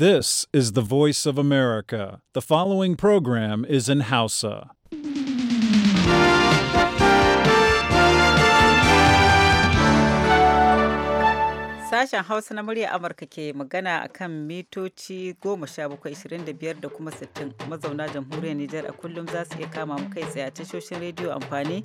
This is the voice of America. The following program is in Hausa. Sashen Hausa na murya Amurka ke magana a kan mitoci 17,25 da kuma 60 mazauna jamhuriyar Nijar a kullum za su iya kama mu kai tsaye a tashoshin rediyo amfani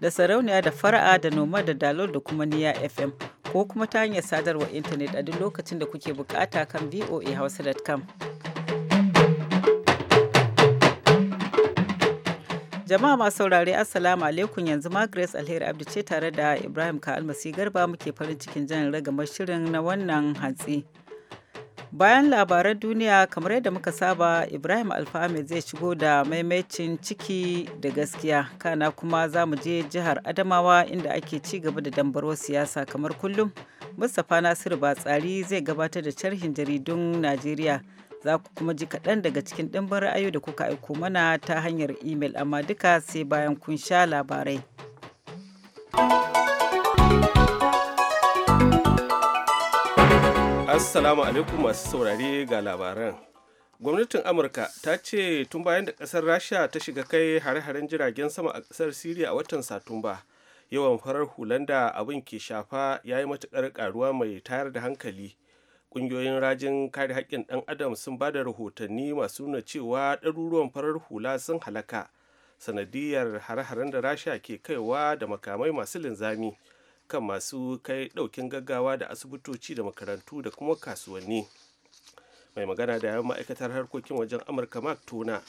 da sarauniya da fara'a da noma da dalol da kuma niya FM. ko kuma ta hanyar sadarwar intanet a duk lokacin da kuke bukata kan voahausa.com. jama'a masu saurare assalamu alaikum yanzu ma alheri abdu ce tare da ibrahim ka garba muke farin cikin jan ragamar shirin na wannan hantsi Bayan labaran duniya kamar yadda muka saba Ibrahim Alfahamed zai shigo da maimacin ciki da gaskiya kana kuma za mu je jihar Adamawa inda ake ci gaba da dambarwar siyasa kamar kullum. Mustapha Nasiru Batsari zai gabatar da sharhin jaridun Najeriya za ku kuma ji kaɗan daga cikin ɗimbin ra'ayoyi da kuka aiko mana ta hanyar imel amma duka sai bayan kun sha labarai. Assalamu alaikum masu saurare ga labaran. Gwamnatin Amurka ta ce tun bayan da ƙasar Rasha ta shiga kai hare-haren jiragen sama a ƙasar Siriya a watan Satumba, yawan farar hulan da abin ke shafa ya yi matuƙar ƙaruwa mai tayar da hankali. Ƙungiyoyin rajin kare haƙƙin ɗan adam sun ba da rahotanni masu nuna cewa ɗaruruwan farar hula sun halaka sanadiyar hare-haren da Rasha ke kaiwa da makamai masu linzami. kan masu kai ɗaukin gaggawa da asibitoci da makarantu da kuma kasuwanni mai magana da yawan ma'aikatar harkokin wajen amurka mark tona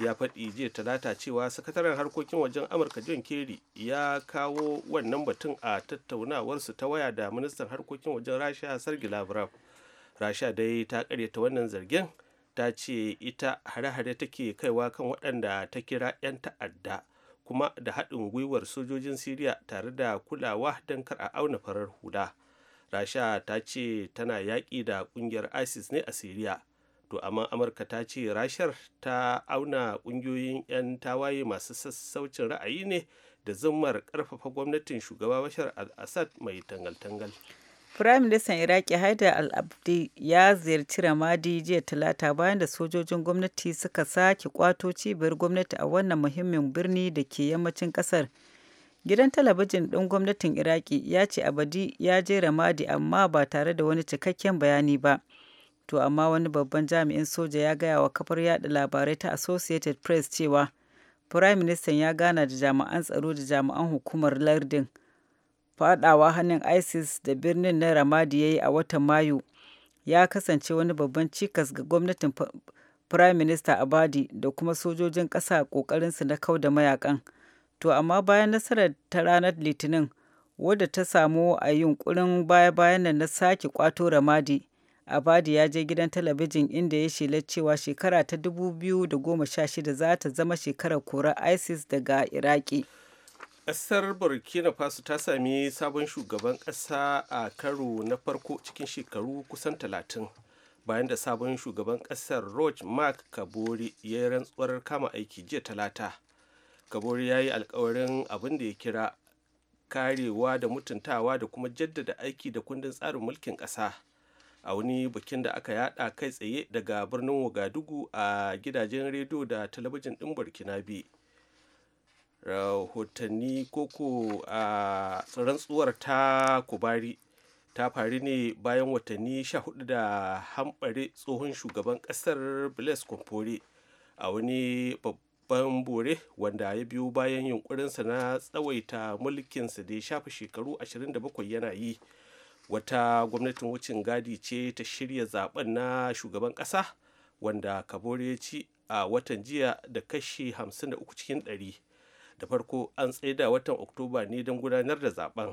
ya faɗi jiya talata cewa sakataren harkokin wajen amurka john kerry ya kawo wannan batun a tattaunawarsu ta waya da ministan harkokin wajen rasha sergei lavrov rasha dai ta karyata wannan zargin ta ce ita hare-hare take kaiwa kan waɗanda ta kira 'yan ta'adda kuma da haɗin gwiwar sojojin siriya tare da kulawa don kar a auna farar hula rasha ta ce tana yaƙi da ƙungiyar isis ne a siriya to amma amurka ta ce rashar ta auna ƙungiyoyin 'yan tawaye masu sassaucin ra'ayi ne da zammar ƙarfafa gwamnatin shugaba bashar al-assad mai tangal-tangal Firaministan Iraki Haidar al-Abdi ya ziyarci Ramadi jiya Talata bayan da sojojin gwamnati suka sake kwato cibiyar gwamnati a wannan muhimmin birni da ke yammacin kasar. Gidan talabijin ɗin gwamnatin Iraki ya ce Abadi ya je Ramadi amma ba tare da wani cikakken bayani ba. To amma wani babban jami'in soja ya gaya wa kafar yada labarai ta Associated Press cewa Firaministan ya gana da jami'an tsaro da jami'an hukumar lardin. fadawa hannun isis da birnin na ramadi ya yi a watan mayu ya kasance wani babban cikas ga gwamnatin prime minister abadi da kuma sojojin ƙasa su na kau da mayakan to amma bayan nasarar ta ranar litinin wadda ta samu a yunkurin baya-bayan nan na sake kwato ramadi abadi ya je gidan talabijin inda ya shela cewa shekara ta 2016 za ta zama shekarar korar isis daga iraki ƙasar burkina faso ta sami sabon shugaban ƙasa a karo na farko cikin shekaru kusan talatin bayan da sabon shugaban ƙasar roch mark kabori ya yi rantsuwar kama aiki jiya talata kabori ya yi alkawarin abin da ya kira karewa da mutuntawa da kuma jaddada aiki da kundin tsarin mulkin ƙasa a wani bikin da aka yada kai tsaye daga birnin wagadugu a gidajen rediyo da talabijin ɗin burkina biyu rahotanni koko a rantsuwar ta kubari ta faru ne bayan watanni sha hudu da hambare tsohon shugaban kasar blaise compaore a wani babban bore wanda ya biyo bayan yunkurinsa na tsawaita mulkinsa da ya shafi shekaru 27 yana yi wata gwamnatin wucin gadi ce ta shirya zaben na shugaban kasa wanda kabore ya ci a watan jiya da kashi 53 cikin 100 da farko an tsaida watan oktoba ne don gudanar da zaben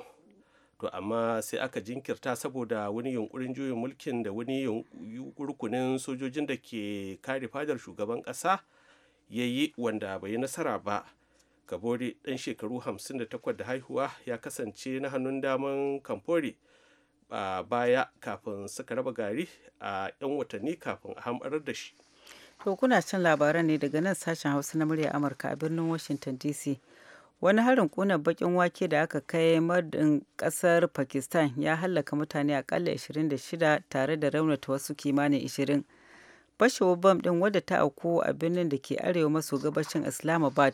to amma sai aka jinkirta saboda wani yunkurin juyin mulkin da wani rukunin sojojin da ke kare fadar shugaban ƙasa ya yi wanda bai nasara ba kabori ɗan shekaru 58 da haihuwa ya kasance na hannun daman kamfori a baya kafin suka raba gari a 'yan watanni kafin a hamarar da shi To kuna cin labaran ne daga nan sashen Hausa na murya Amurka a birnin Washington DC. Wani harin kuna bakin wake da aka kai madin kasar Pakistan ya hallaka mutane akalla 26 tare da raunata wasu kimanin 20. Fashewar bam din wadda ta auku a birnin da ke arewa maso gabashin Islamabad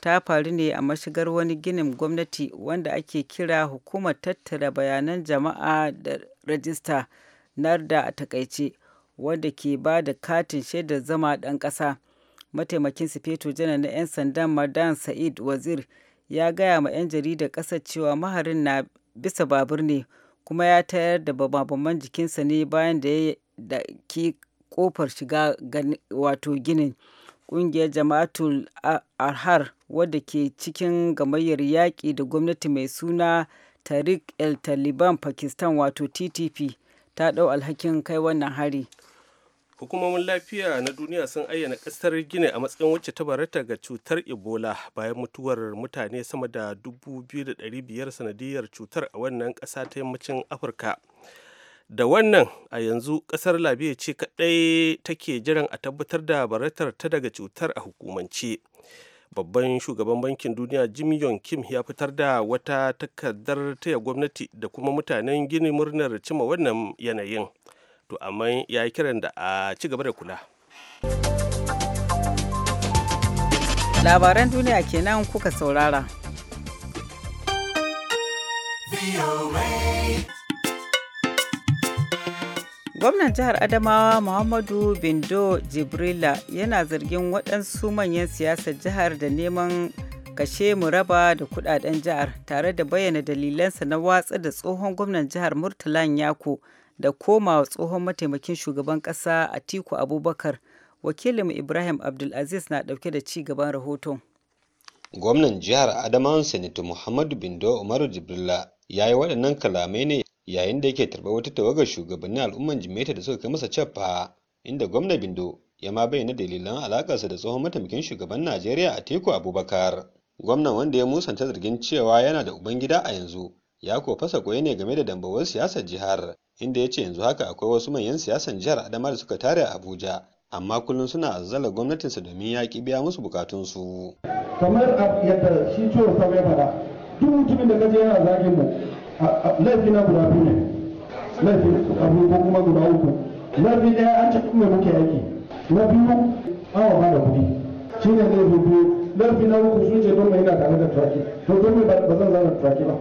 ta faru ne a mashigar wani ginin gwamnati wanda ake kira hukumar tattara bayanan jama'a da rajista narda a takaice. wadda ke ba da katin shaidar zama ɗan ƙasa. Mataimakin Sufeto Janar na 'yan sandan Madan Sa'id Wazir ya gaya ma 'yan jaridar ƙasar cewa maharin na bisa babur ne kuma ya tayar da bababaman jikinsa ne bayan da ya ki kofar shiga wato ginin. Ƙungiyar Jama'atul Arhar wadda ke cikin gamayyar yaƙi da gwamnati mai suna Tariq El Taliban Pakistan wato TTP ta ɗau alhakin kai wannan hari. hukumomin lafiya na duniya sun ayyana kasar gini a matsayin wacce ta barata ga cutar ebola bayan mutuwar mutane sama da 2,500 sanadiyar cutar a wannan kasa ta yammacin afirka da wannan a yanzu ƙasar labiya ce kaɗai take jiran a tabbatar da baratar ta daga cutar a hukumance babban shugaban bankin duniya jim yong kim ya fitar da wata takardar taya gwamnati da kuma mutanen gini murnar cima wannan yanayin to amma ya yi kiran da a ci gaba da kula labaran duniya kenan kuka saurara gwamnan jihar adamawa muhammadu bindo jibrila yana zargin waɗansu manyan siyasar jihar da neman kashe mu raba da kudaden jihar tare da bayyana dalilansa na watsa da tsohon gwamnan jihar murtalan yako da komawa tsohon mataimakin shugaban ƙasa Atiku Abubakar. wakilin Ibrahim Abdulaziz na dauke da ci gaban rahoton. Gwamnan jihar adamawan senator Muhammadu Bindo Umaru Jibrila ya yi waɗannan kalamai ne yayin da yake tarbar wata tawagar shugabannin al'umman jimaita da suka kai masa caffa inda gwamnan Bindo ya ma bayyana dalilan alakarsa da tsohon mataimakin shugaban Najeriya a teku Abubakar. Gwamnan wanda ya musanta zargin cewa yana da ubangida a yanzu ya ko fasa ne game da dambawar siyasar jihar inda ya ce yanzu haka akwai wasu manyan siyasan jihar adama da suka tare a abuja amma kullum suna azzala gwamnatinsa domin ya ki biya musu bukatunsu kamar yadda shi ciwo ta ya faɗa duk mutumin da kaje yana zagin mu laifi na guda biyu ne laifi abu ko kuma guda uku laifi ɗaya an ce kuma muke aiki na biyu awa ba da kuɗi shi ne laifi biyu laifi na uku sun ce don mai yana tare da turaki to don mai ba zan zana turaki ba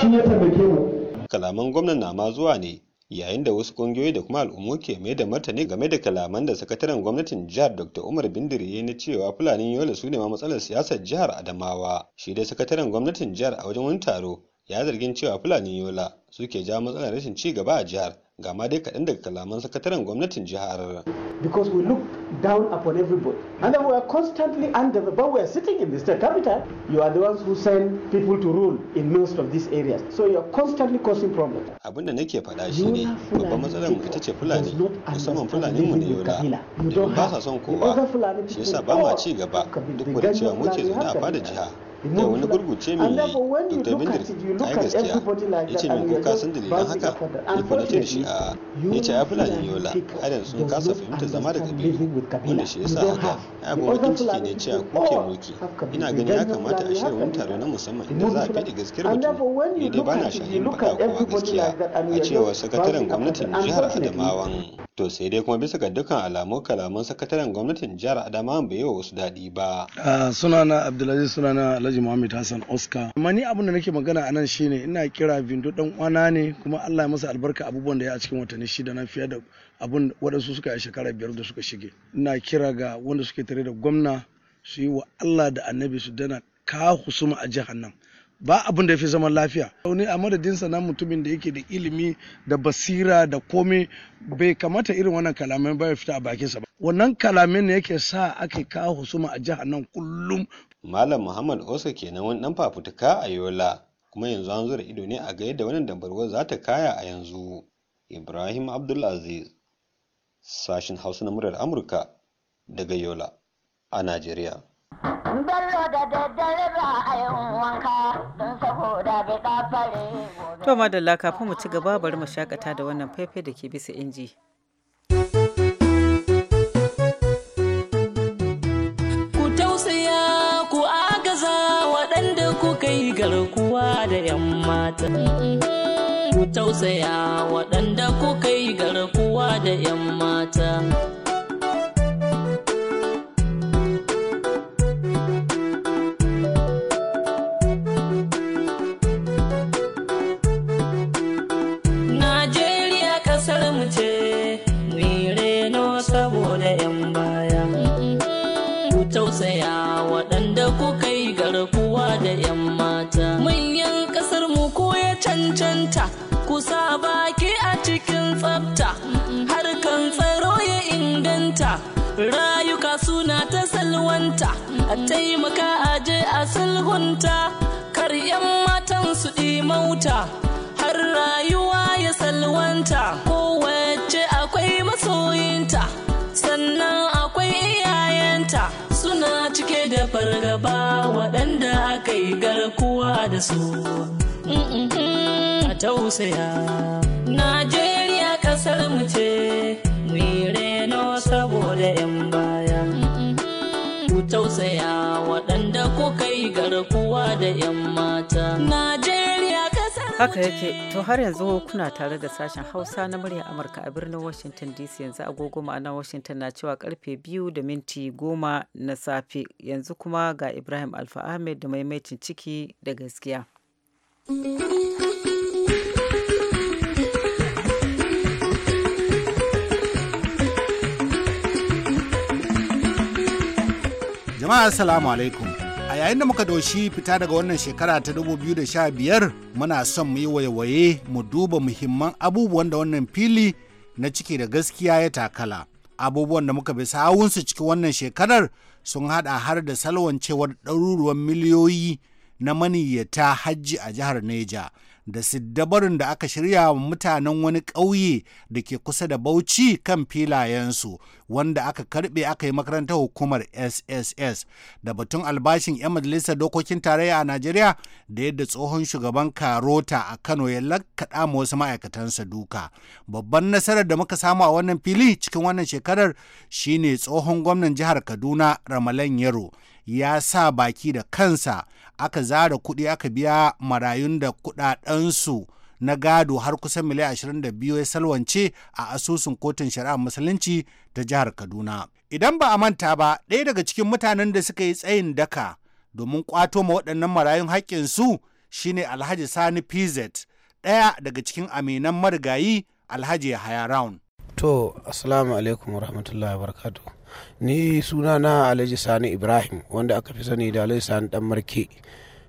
shi ya tabbake mu kalaman gwamnan na ma zuwa ne yayin da wasu kungiyoyi da kuma al'ummu ke mai da martani game da kalaman da sakataren gwamnatin jihar dr umar Bindirye ya na cewa fulani yola su ne ma matsalar siyasar jihar adamawa shi dai sakataren gwamnatin jihar a wajen wani taro ya zargin cewa Fulani Yola suke ja matsalar rashin ci gaba a jihar ga ma dai kaɗan daga kalaman sakataren gwamnatin jihar. Because we look down upon everybody and then we are constantly under the but we are sitting in the state capital you are the ones who send people to rule in most of these areas so you are constantly causing problems. abinda da nake faɗa shi ne babban matsalar mu ita ce Fulani musamman Fulani mu ne yola domin ba sa son kowa shi yasa ba ma ci gaba duk da cewa muke zaune a fada jiha. kai wani gurguce mai dr bindir ta yi gaskiya ah. ya ce mai ah, kuka sun dalilan haka ya fadace da shi a ya ce ya fulani yola harin sun kasa fahimtar zama da kabilu wanda shi ya sa haka ya abu wakin ciki ne cewa kuke mulki ina ganin ya kamata a shirya wani taro na musamman inda za a fede gaskiyar mutum. ne dai bana shahin faɗa kowa gaskiya a cewa sakataren gwamnatin jihar adamawan to sai dai kuma bisa ga dukkan alamu kalaman sakataren gwamnatin jihar adama bai yi wa wasu daɗi ba sunana abdulaziz sunana alhaji muhammad hassan oscar amma ni abin da nake magana a anan shine ina kira bindu dan uwana ne kuma allah ya masa albarka abubuwan da ya a cikin watanni shida na fiye da abun waɗansu suka yi shekara biyar da suka shige ina kira ga wanda suke tare da gwamna su yi wa allah da annabi su dana ka husuma a jihar nan ba abin da ya fi zaman lafiya wani a madadinsa na mutumin da yake da ilimi da basira da komai bai kamata irin wannan kalamai ba ya fita a bakinsa ba wannan kalamai ne yake sa ake kawo husuma a jihar nan kullum malam muhammad osa kenan wani ɗan fafutuka a yola kuma yanzu an zura ido ne a ga yadda wannan dambarwar za ta kaya a yanzu ibrahim abdulaziz sashen hausa na murar amurka daga yola a najeriya To madalla kafin mu ci gaba bari mu shakata da wannan faifai da ke bisa inji. Ku tausaya ku agaza waɗanda kuka yi garkuwa da 'yan mata. Ku tausaya waɗanda kuka yi garkuwa da 'yan mata. Ya waɗanda ku kai garkuwa da 'yan mata. Manyan ƙasar mu ko ya cancanta, kusa baki a cikin tsafta, harkan tsaro ya inganta, rayuka suna ta salwanta, a taimaka aje a sulhunta, kar 'yan matan su ɗi mauta, har rayuwa ya salwanta, kowa da fargaba waɗanda aka yi garkuwa da su a tausaya najeriya ƙasar mu ce mu reno saboda 'yan baya ku tausaya waɗanda kuka yi garkuwa da 'yan mata Haka yake, to har yanzu kuna tare da sashen Hausa na murya Amurka a birnin Washington DC yanzu agogo ma'ana Washington na cewa karfe biyu da minti goma na safe yanzu kuma ga Ibrahim Alfa Ahmed da maimaitin ciki da gaskiya. Jama'a Assalamu alaikum. yayin da muka doshi fita daga wannan shekara ta 2015 muna son mu yi waiwaye mu duba muhimman abubuwan da wannan fili na ciki da gaskiya ya takala. Abubuwan da muka bi sawunsu cikin wannan shekarar sun hada har da salwancewar ɗaruruwan miliyoyi na maniyyata hajji a jihar Neja da siddabarin da aka shirya wa mutanen wani ƙauye da ke kusa da bauchi kan filayensu wanda aka karbe aka yi makarantar hukumar sss da batun albashin 'yan majalisar dokokin tarayya a najeriya da yadda tsohon shugaban karota a kano ya lakkaɗa ma wasu ma'aikatansa duka babban nasarar da muka samu a wannan fili cikin wannan shekarar shine tsohon gwamnan jihar kaduna ramalan yaro ya sa baki da kansa aka zara kuɗi aka biya marayun da kuɗaɗensu na gado har kusan miliyan 22 ya salwance a asusun kotun shari'a musulunci ta jihar kaduna idan ba a manta ba ɗaya daga cikin mutanen da suka yi tsayin daka domin kwato ma waɗannan marayun haƙƙinsu shine alhaji sani pz ɗaya daga cikin aminan marigayi alhaji yahaya round to assalamu alaikum wa wabarakatuh ni suna na alhaji sani ibrahim wanda aka fi sani da alhaji sani dan marke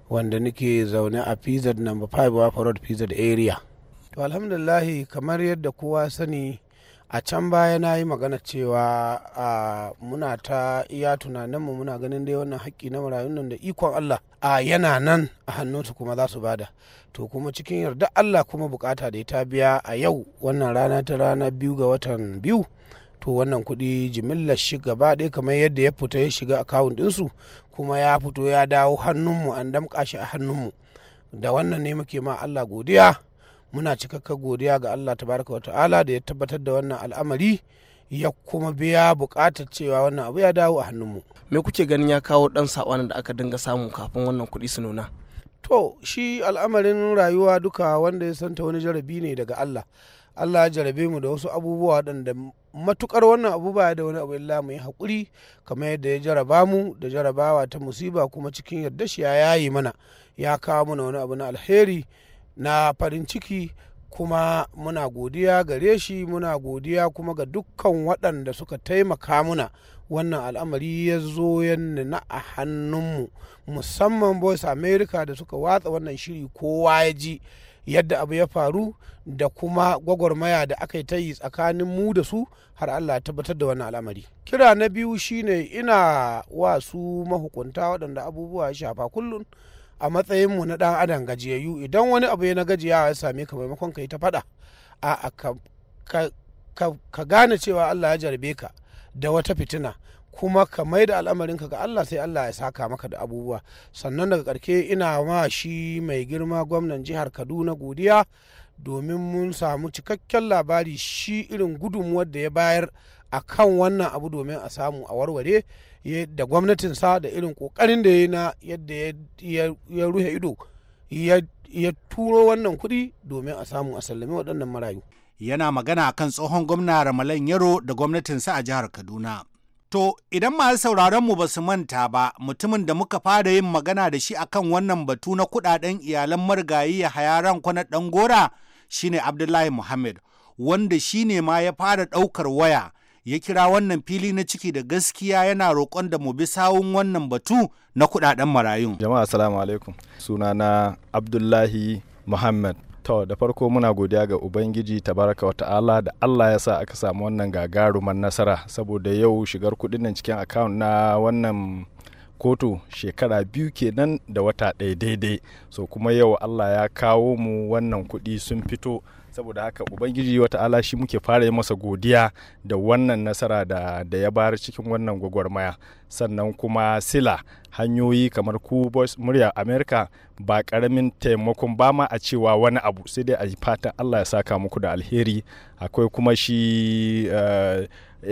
wanda nake zaune a pz number 5 wafa road pz area to alhamdulillahi kamar yadda kowa sani a can baya na yi magana cewa a muna ta iya tunaninmu muna ganin dai wannan haƙƙi na marayun nan da ikon Allah a yana nan a hannunsu kuma za su bada to kuma cikin yarda Allah kuma bukata da ta biya a yau wannan rana ta rana biyu ga watan biyu to wannan kuɗi jimillar shi gaba ɗaya kamar yadda ya fita ya shiga akawun ɗinsu kuma ya fito ya dawo hannunmu an damƙa shi a hannunmu da wannan ne muke ma Allah godiya muna cikakkar godiya ga Allah tabaraka wa ta'ala da ya tabbatar da wannan al'amari ya kuma biya buƙatar cewa wannan abu ya dawo a hannunmu me kuke ganin ya kawo ɗan saɓa da aka dinga samu kafin wannan kuɗi su nuna to shi al'amarin rayuwa duka wanda ya santa wani jarabi ne daga Allah Allah ya jarabe mu da wasu abubuwa waɗanda matukar wannan abu ba da wani abu illa mu yi haƙuri kamar yadda ya jaraba mu da jarabawa ta musiba kuma cikin yarda shi ya yayi mana ya kawo mana wani abu na alheri na farin ciki kuma muna godiya gare shi muna godiya kuma ga dukkan waɗanda suka taimaka muna wannan al'amari ya zo yanni na a hannunmu musamman voice america da suka watsa wannan shiri kowa ya ji yadda abu ya faru da kuma gwagwarmaya da aka yi ta yi tsakanin mu da su har allah ya tabbatar da wannan al'amari kira na biyu shine ina wa su mahukunta waɗanda abubuwa ya shafa kullum a matsayinmu na ɗan adam gajiyayyu idan wani abu ya na gajiya ya same ka maimakon ka yi ta faɗa a ka gane cewa allah ya jarbe ka da wata fitina kuma ka mai da ka ga Allah sai Allah ya saka maka da abubuwa sannan daga karke ina ma shi mai girma gwamnan jihar Kaduna godiya domin mun samu cikakken labari shi irin gudunmuwar da ya bayar a kan wannan abu domin a samu a warware da gwamnatinsa da irin kokarin da ya na yadda ya ruhe ido ya turo wannan kuɗi domin a samu a sallame waɗannan marayu yana magana kan tsohon gwamna ramalan yaro da sa a jihar kaduna To idan masu sauraron mu ba su manta ba mutumin da muka fara yin magana da shi akan wannan batu na kudaden iyalan marigayi ya hayaran kwana ɗan gora shine Abdullahi Muhammad wanda shi ne ma ya fara ɗaukar waya ya kira wannan fili na ciki da gaskiya yana roƙon da mu bi sawun wannan batu na kudaden marayun. Jama'a assalamu alaikum. Sunana Abdullahi Muhammad To da farko muna godiya ga Ubangiji tabaraka wa ta'ala da Allah ya sa aka samu wannan gagaruman nasara saboda yau shigar kudin nan cikin account na wannan kotu shekara biyu kenan da wata ɗaya daidai so kuma yau Allah ya kawo mu wannan kuɗi sun fito saboda haka ubangiji wata'ala shi muke fara yi masa godiya da wannan nasara da, da ya bayar cikin wannan gwagwarmaya sannan kuma sila hanyoyi kamar ku murya america ba karamin taimakon ba ma a cewa wani abu sai dai a yi fatan allah ya saka muku da alheri akwai kuma shi uh,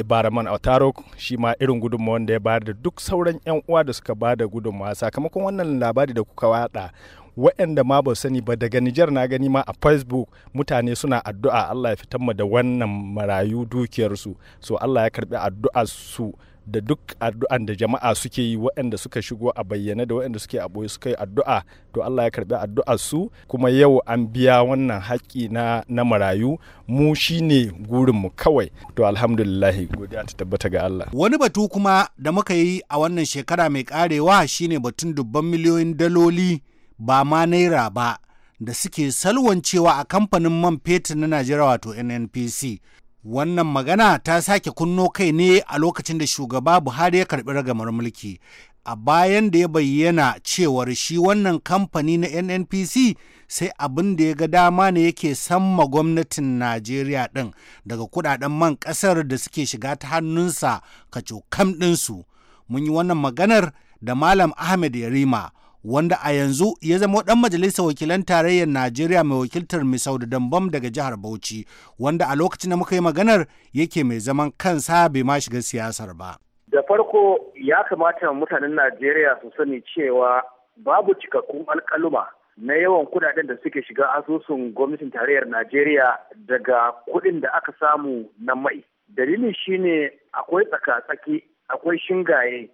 baraman otaro shi ma irin gudunmawa da ya bayar da duk sauran 'yan uwa da suka ba da gudunmawa sakamakon wannan labari da kuka wada waɗanda ma ba sani ba daga Nijar na gani ma a Facebook mutane suna addu'a Allah ya fitar mu da wannan marayu dukiyarsu so Allah ya karbi addu'a su da duk addu'an da jama'a suke yi waɗanda suka shigo a bayyana da waɗanda suke a ɓoye suka yi addu'a to Allah ya karbi addu'arsu su kuma yau an biya wannan haƙƙi na na marayu mu shine gurin mu kawai to alhamdulillah godiya ta tabbata ga Allah wani batu kuma da muka yi a wannan shekara mai karewa shine batun dubban miliyoyin daloli ba ma naira ba da suke salwancewa a kamfanin man fetur na Najeriya wato NNPC. Wannan magana ta sake kunno kai ne a lokacin da shugaba Buhari ya karbi ragamar mulki. A bayan da ya bayyana cewar shi wannan kamfani na NNPC sai abin da ya ga dama ne yake samma gwamnatin Najeriya ɗin daga kudaden man ƙasar da suke shiga ta hannunsa kacokam ɗinsu. Mun yi wannan maganar da Malam Ahmed Yarima. wanda a yanzu ya zama dan majalisar wakilan tarayyar Najeriya mai wakiltar Misau da Dambam daga jihar Bauchi wanda a lokacin da muka yi maganar yake mai zaman kansa bai ma shiga siyasar ba. Da farko ya kamata mutanen Najeriya su sani cewa babu cikakkun alkaluma na yawan kudaden da suke shiga asusun gwamnatin tarayyar Najeriya daga kuɗin da aka samu na mai. Dalilin shine akwai tsaka-tsaki, akwai shingaye,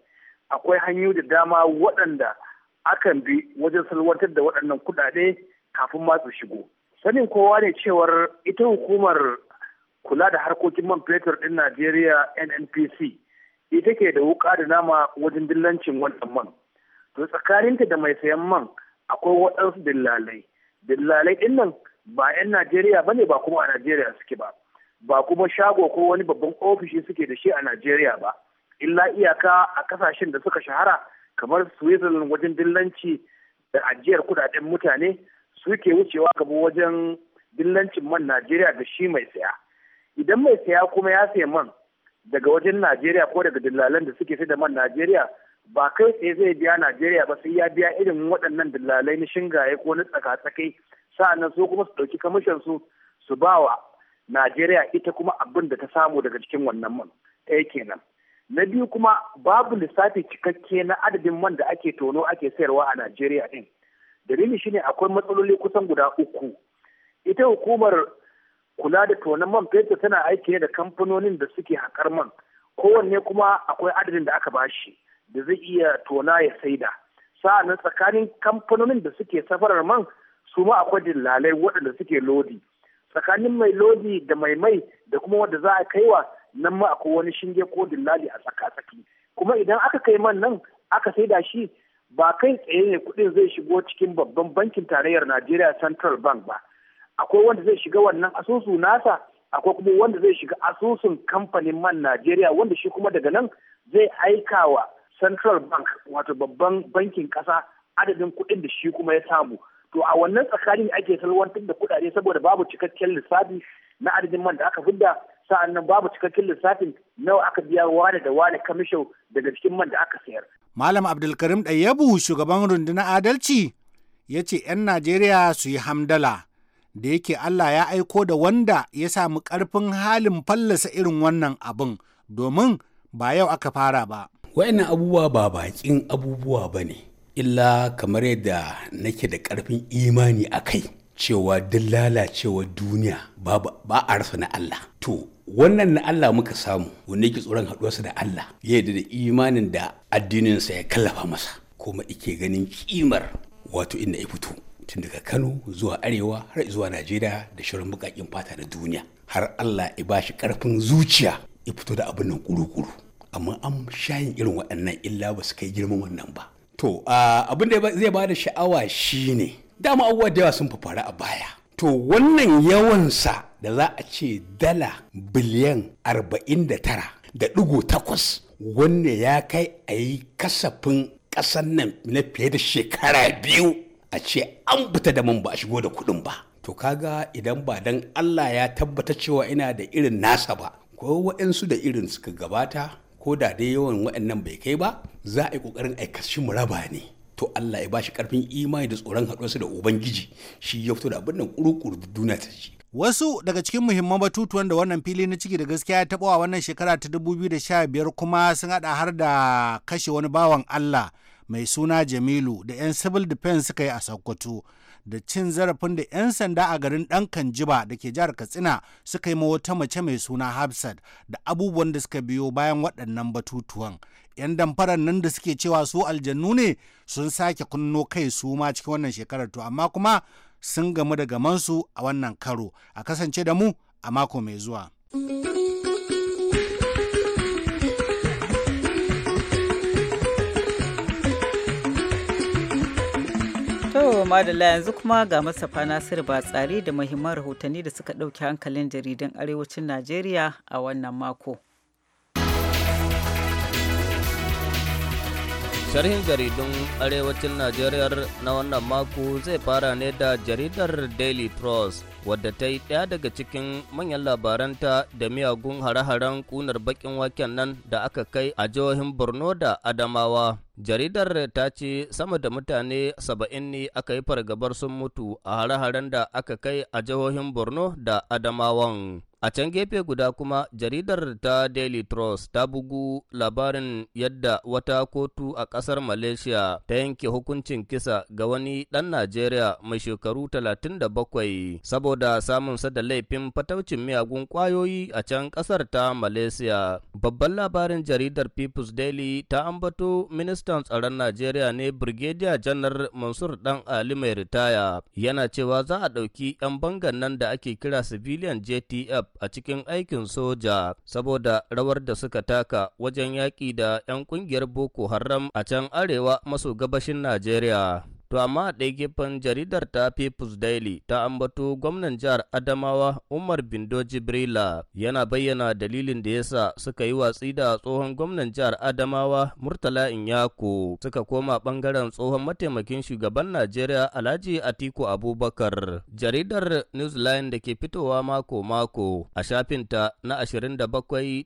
akwai hanyoyi da dama waɗanda akan bi wajen salwantar da waɗannan kuɗaɗe kafin ma shigo sanin kowa ne cewar ita hukumar kula da harkokin man fetur ɗin najeriya nnpc ita ke da wuƙa da nama wajen dillancin wannan man to tsakaninta da mai sayan man akwai waɗansu dillalai dillalai ɗin nan ba 'yan najeriya ba ne ba kuma a najeriya suke ba ba kuma shago ko wani babban ofishi suke da shi a najeriya ba illa iyaka a ƙasashen da suka shahara kamar switzerland wajen dillanci da ajiyar kudaden mutane su ke wucewa gaba wajen dillancin man najeriya da shi mai saya idan mai saya kuma ya saya man daga wajen najeriya ko daga dillalan da suke fi da man najeriya ba kai tsaye zai biya najeriya ba sai ya biya irin waɗannan dillalai na shingaye ko na tsaka-tsakai sa'annan su kuma su ɗauki kamishin su su ba wa najeriya ita kuma abin da ta samu daga cikin wannan man ɗaya kenan na biyu kuma babu lissafi cikakke na adadin man da ake tono ake sayarwa a najeriya din dalili shine akwai matsaloli kusan guda uku ita hukumar kula da tonon man fetur tana aiki ne da kamfanonin da suke haƙar man kowanne kuma akwai adadin da aka bashi da zai iya tona ya saida sa'annan tsakanin kamfanonin da suke safarar man su ma akwai dillalai waɗanda suke lodi tsakanin mai lodi da mai mai da kuma wanda za a kaiwa nan ma akwai wani shinge ko dillali a tsaka-tsaki kuma idan aka kai man nan aka saida shi ba kai tsaye ne kuɗin zai shigo cikin babban bankin tarayyar Najeriya Central Bank ba akwai wanda zai shiga wannan asusu nasa akwai kuma wanda zai shiga asusun kamfanin man Najeriya wanda shi kuma daga nan zai aika wa Central Bank wato babban bankin ƙasa adadin kuɗin da shi kuma ya samu to a wannan tsakanin ake salwantar da kuɗaɗe saboda babu cikakken lissafi na adadin man da aka fidda sa'an nan babu cikakken lissafin nawa aka biya wane da wane kamishin daga cikin man da aka sayar. Malam Abdulkarim Ɗayyabu shugaban rundunar adalci ya ce 'yan Najeriya su yi hamdala da yake Allah ya aiko da wanda ya samu ƙarfin halin fallasa irin wannan abin domin ba yau aka fara ba. wayan abubuwa ba bakin abubuwa ba ne, illa kamar yadda nake da ƙarfin imani a kai. cewa duk lalacewar duniya ba a rasa na Allah. To, wannan na Allah muka samu wanda yake tsoron haɗuwarsa da Allah ya yadda da imanin da addininsa ya kallafa masa kuma ike ganin kimar wato inda ya fito tun daga Kano zuwa Arewa har zuwa Najeriya da shirin bukakin fata da duniya har Allah ya bashi karfin zuciya ya fito da abin nan kuru-kuru amma an shayin irin waɗannan illa ba su kai girman wannan ba to abin da zai ba da sha'awa shine dama abubuwa da yawa sun fafara a baya to wannan yawansa da za a ce dala biliyan 49 da ɗigo takwas wanda ya kai a yi kasafin ƙasar nan na fiye da shekara biyu a ce an fita da man ba a shigo da kuɗin ba to kaga idan ba dan Allah ya tabbata cewa ina da irin nasa ba ko waɗansu da irin suka gabata ko da dai yawan waɗannan bai kai ba za a yi ƙoƙarin aikashin mu raba ne to Allah ya bashi karfin imani da tsoron haɗuwarsa da ubangiji shi ya fito da abin nan ƙuruƙuru duniya ta ji Wasu daga cikin muhimman batutuwan da wannan fili na ciki da gaskiya ya taɓa a wannan shekara ta 2015 kuma sun haɗa har da kashe wani bawan Allah mai suna Jamilu da 'yan civil defense suka yi a Sokoto da cin zarafin da 'yan sanda a garin ɗan Kanjiba da ke jihar Katsina suka yi ma wata mace mai suna Hafsat da abubuwan da suka biyo bayan waɗannan batutuwan. 'Yan damfarar nan da suke cewa su aljannu ne sun sake kunno kai su ma cikin wannan shekarar to amma kuma sun gamu da gamansu a wannan karo a kasance da mu a mako mai zuwa. To madalla yanzu kuma ga masafa Nasiru tsari da muhimman rahotanni da suka ɗauki hankalin jaridan arewacin Najeriya a wannan mako. Sharhin jaridun arewacin Najeriya na wannan mako zai fara ne da jaridar Daily Trust wadda ta yi ɗaya daga cikin manyan labaranta da miyagun hare-haren kunar bakin waken nan da aka kai a jihohin Borno da Adamawa. Jaridar ta ce sama da mutane saba'in ne aka yi fargabar sun mutu a hare-haren da aka kai a jihohin Borno da Adamawan. A can gefe guda kuma jaridar ta Daily Trust ta bugu labarin yadda wata kotu a ƙasar Malaysia ta yanke hukuncin kisa ga wani ɗan Najeriya mai shekaru 37 saboda samunsa da laifin fataucin miyagun kwayoyi a can ƙasar ta Malaysia. Babban labarin jaridar People's Daily ta ambato ministan tsaron Najeriya ne Brigadier Janar Mansur Dan Ali mai ritaya yana cewa za a ɗauki 'yan bangan nan da ake kira civilian JTF a cikin aikin soja saboda rawar da suka taka wajen yaƙi da 'yan ƙungiyar Boko Haram a can arewa maso gabashin Najeriya. To amma ɗaya gefen jaridar ta People's Daily ta ambato gwamnan jihar Adamawa Umar Bindo Jibrila yana bayyana dalilin da yasa suka yi watsi da tsohon gwamnan jihar Adamawa Murtala Inyako suka koma ɓangaren tsohon mataimakin shugaban Najeriya Alhaji Atiku Abubakar. Jaridar Newsline da ke fitowa mako-mako a ta, na 27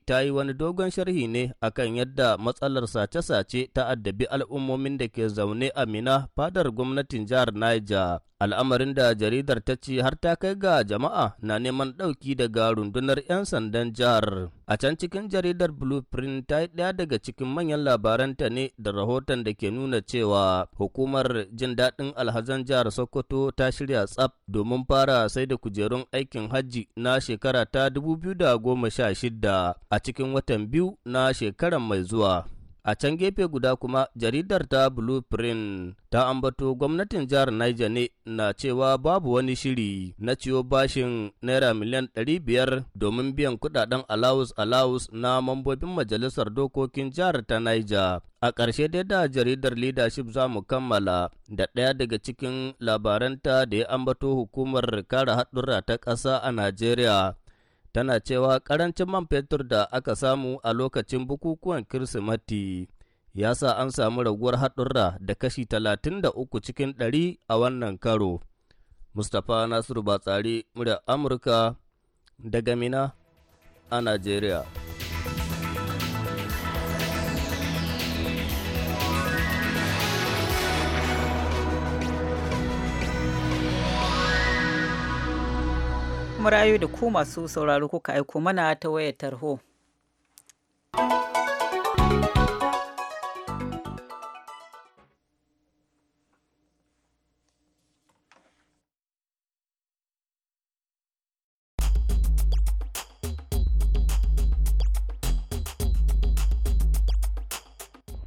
ta yi wani dogon sharhi ne akan yadda matsalar sace-sace ta addabi al'ummomin da ke zaune a Mina fadar gwamnatin jihar Niger, al'amarin da jaridar ta ce har ta kai ga jama'a na neman ɗauki daga rundunar 'yan sandan jihar. A can cikin jaridar Blueprint ta yi ɗaya daga cikin manyan labaranta ne da rahoton da ke nuna cewa hukumar jin daɗin alhazan jihar Sokoto ta shirya tsaf domin fara sai da kujerun aikin hajji na shekara ta 2016 a cikin watan biyu na shekarar mai zuwa. A can gefe guda kuma jaridar ta Blueprint ta ambato gwamnatin jihar Niger ne na cewa babu wani shiri na ciwo bashin naira miliyan 500 domin biyan kudaden alawus alawus na mambobin majalisar dokokin jihar ta Niger. A ƙarshe dai da jaridar leadership za mu kammala da ɗaya daga cikin labaranta da ya ambato hukumar kare haɗura ta ƙasa a Najeriya tana cewa karancin man fetur da aka samu a lokacin bukukuwan Kirsimati ya sa an samu raguwar haɗurra da kashi talatin da uku cikin 100 a wannan karo. Mustapha Nasiru Batsari, murya Amurka daga Mina a Najeriya. kuma da ku masu sauraro kuka aiko mana ta wayar tarho.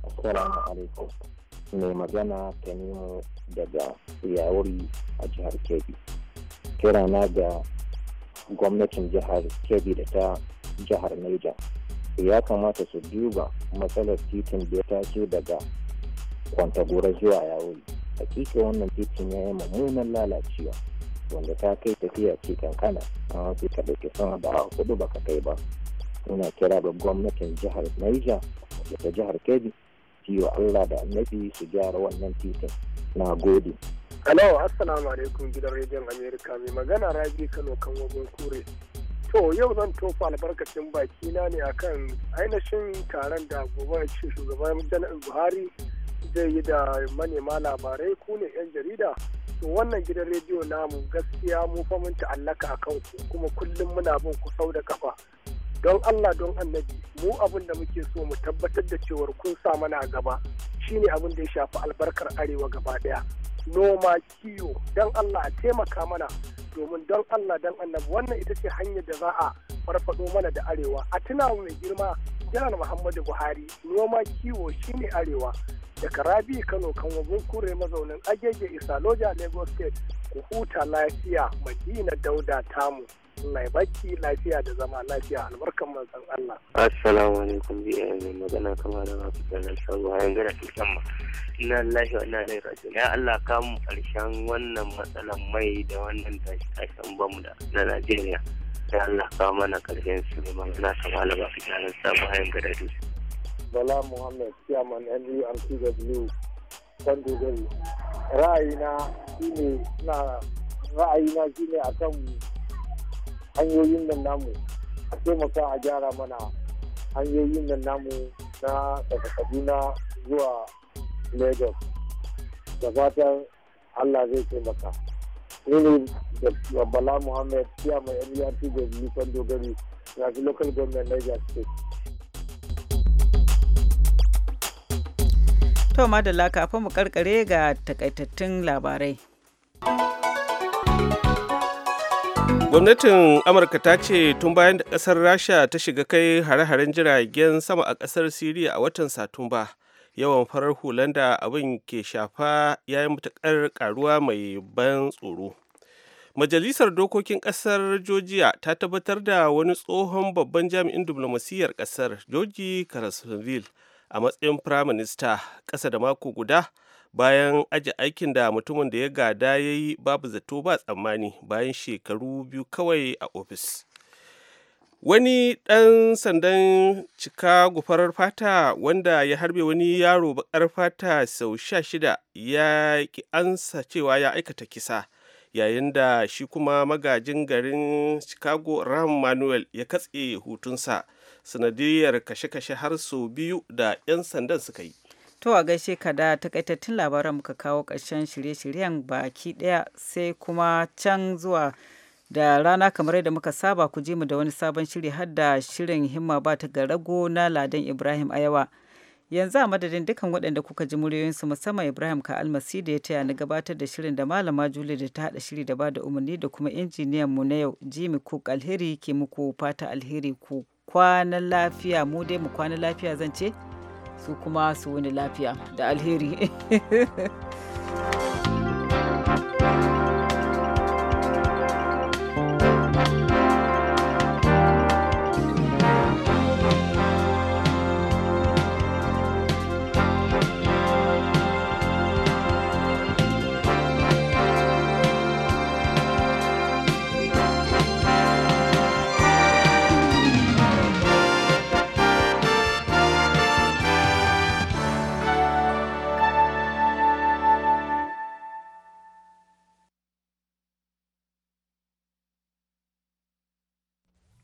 Assalamu alaikum. Mai magana ta nemo daga yawuri a jihar Kebbi. Kira na ga gwamnatin jihar kebbi da ta jihar Neja. ya kamata su duba matsalar titin da ya taso daga kwantagora zuwa yawon hakika wannan titin ya yi mummunan lalacewa wanda ta kai tafiya ce kankana a wasu ka dauke sama da awa kudu baka kai ba muna kira da gwamnatin jihar naija da ta jihar kebbi ciwo allah da annabi su gyara wannan titin na gode Hello, Assalamu alaikum gidan rediyon Amerika mai magana Rabi Kano kan wagon kure. To yau zan tofa albarkacin bakina ne akan ainihin taron da gobe ce shugaban janar Buhari zai yi da manema labarai ku ne 'yan jarida. To wannan gidan rediyo namu gaskiya mu fa mun ta'allaka akan ku kuma kullum muna bin ku sau da kafa. don Allah don annabi mu abin da muke so mu tabbatar da cewar kun sa mana gaba shine abin da ya shafi albarkar arewa gaba daya noma kiwo don Allah a taimaka mana domin don Allah don annabi wannan ita ce hanyar da za a farfado mana da arewa a tuna mai girma janar Muhammadu Buhari noma kiwo shine arewa daga Rabi Kano kan wajen kure mazaunin Agege Isa Loja Lagos State ku huta lafiya Madina Dauda Tamu. Allah ya baki lafiya da zama lafiya albarkan manzon Allah. Assalamu alaikum bi mai magana kama da masu tsaron shago a yanzu da musamman. Ina lafiya ina da Ya Allah kamu karshen wannan matsalan mai da wannan tashi tashin bamu da na Najeriya. Ya Allah kawo mana karshen su da magana kama da masu tsaron shago a yanzu da rasu. Bala Muhammad Chairman NURTW Kwando Gari. Ra'ayina shine na ra'ayina shine akan hanyoyin nan namu a taimaka a gyara mana hanyoyin nan namu na daga kaduna zuwa lagos da fatan allah zai taimaka ni ne da bala muhammad siya mai nrt e da nisan dogari na fi local government niger state to madalla kafin mu karkare ga takaitattun labarai gwamnatin amurka ta ce tun bayan da kasar rasha ta shiga kai hare-haren jiragen sama a kasar siriya a watan satumba yawan farar hulan da abin ke shafa ya yi matuƙar karuwa mai ban tsoro majalisar dokokin kasar georgia ta tabbatar da wani tsohon babban jami'in diplomasiyyar kasar georgi karasunville a matsayin firaminista ƙasa da mako guda bayan aji aikin da mutumin da ya gada ya yi babu zato ba tsammani bayan shekaru biyu kawai a ofis wani ɗan sandan cika gufarar fata wanda ya harbe wani yaro baƙar fata sau sha shida ya ki ansa cewa ya aikata kisa yayin da shi kuma magajin garin chicago ram manuel ya katse hutunsa sanadiyar kashe-kashe har sau biyu da 'yan sandan suka yi To a gaishe ka da takaitattun labaran muka kawo ƙarshen shirye-shiryen baki ɗaya sai kuma can zuwa da rana kamar yadda muka saba ku ji mu da wani sabon shiri har da shirin himma ba ta ga na Ladan Ibrahim Ayawa. Yanzu a madadin dukan waɗanda kuka ji muryoyinsu musamman Ibrahim ka almasi da ya taya na gabatar da shirin da Malama Juli da ta haɗa shiri da ba da umarni da kuma injiniyan mu na yau Jimmy Cook alheri ke muku fata alheri ku kwana lafiya mu dai mu kwanan lafiya zan ce. su kuma su wani lafiya da alheri